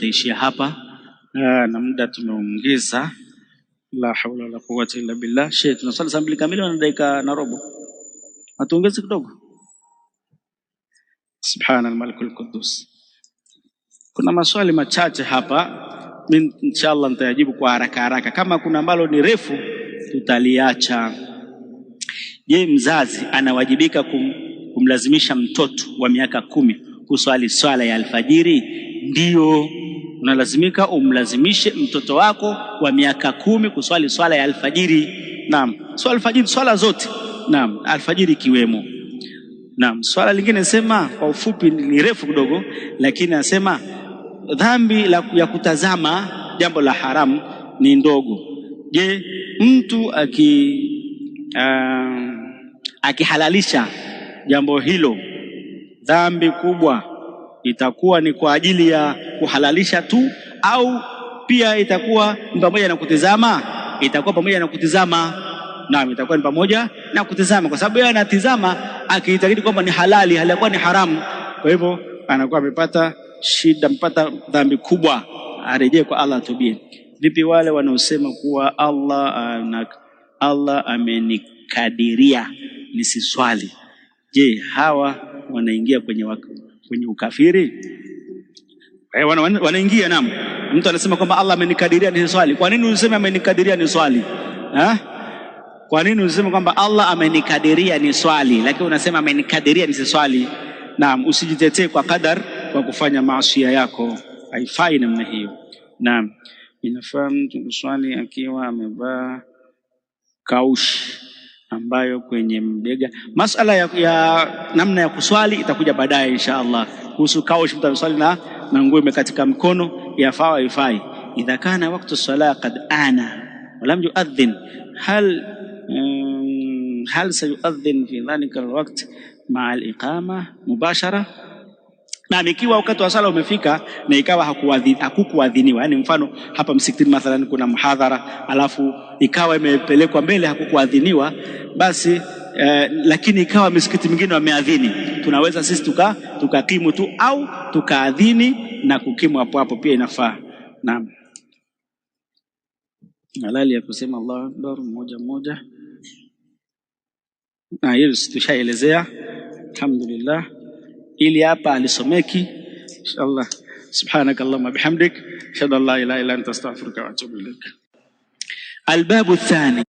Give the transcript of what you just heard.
yataishia hapa na muda tumeongeza. La haula wala quwwata illa billah. Shehe, tunasali saa mbili kamili na dakika na robo, atuongeze kidogo. Subhanal malikul quddus. Kuna maswali machache hapa, mimi inshallah nitayajibu kwa haraka haraka. Kama kuna ambalo ni refu tutaliacha. Je, mzazi anawajibika kum, kumlazimisha mtoto wa miaka kumi kuswali swala ya alfajiri? ndio unalazimika umlazimishe mtoto wako wa miaka kumi kuswali swala ya alfajiri. Naam, swala alfajiri, swala zote naam, alfajiri ikiwemo. Naam, swala lingine nasema kwa ufupi, ni refu kidogo, lakini nasema dhambi la, ya kutazama jambo la haramu ni ndogo. Je, mtu aki uh, akihalalisha jambo hilo, dhambi kubwa itakuwa ni kwa ajili ya kuhalalisha tu au pia itakuwa ni pamoja na kutizama? Itakuwa pamoja na kutizama. Naam, itakuwa ni pamoja na kutizama, kwa sababu yeye anatizama akiitakidi kwamba ni halali, halikuwa ni haramu. Kwa hivyo anakuwa amepata shida, amepata dhambi kubwa, arejee kwa Allah, atubie. Vipi wale wanaosema kuwa Allah uh, Allah amenikadiria nisiswali? Je, hawa wanaingia kwenye, kwenye ukafiri? eh, wana, wanaingia naam. Mtu anasema kwamba Allah amenikadiria ni swali. Kwa nini useme amenikadiria ni swali eh? Kwa nini useme kwamba Allah amenikadiria ni swali, lakini unasema amenikadiria ni swali? Naam, usijitetee kwa kadar kwa kufanya maasi yako, haifai namna hiyo. Naam, inafaa mtu kuswali akiwa amevaa kaushi ambayo kwenye mbega. Masala ya, ya namna ya kuswali itakuja baadaye insha Allah kuhusu kaushi, mtu ameswali na na nguo imekatika mkono, yafaa haifai? idha kana waktu sala qad ana walam yuadhin hal um, hal sayuadhin fi dhalika alwaqt maa aliqama mubashara na ikiwa wakati wa sala umefika na ikawa hakukuadhiniwa, yani mfano hapa msikitini mathalan kuna mhadhara, alafu ikawa imepelekwa mbele hakukuadhiniwa, basi eh, lakini ikawa misikiti mingine wameadhini tunaweza sisi tuka tukakimu tu au tukaadhini na kukimu hapo hapo pia inafaa. Naam, halali ya kusema Allahu akbar moja moja, na hiyo tushaelezea. Alhamdulillah, ili hapa alisomeki. Inshallah, Allahumma bihamdik, ashhadu an la ilaha illa anta astaghfiruka wa atubu ilaik. Albabu thani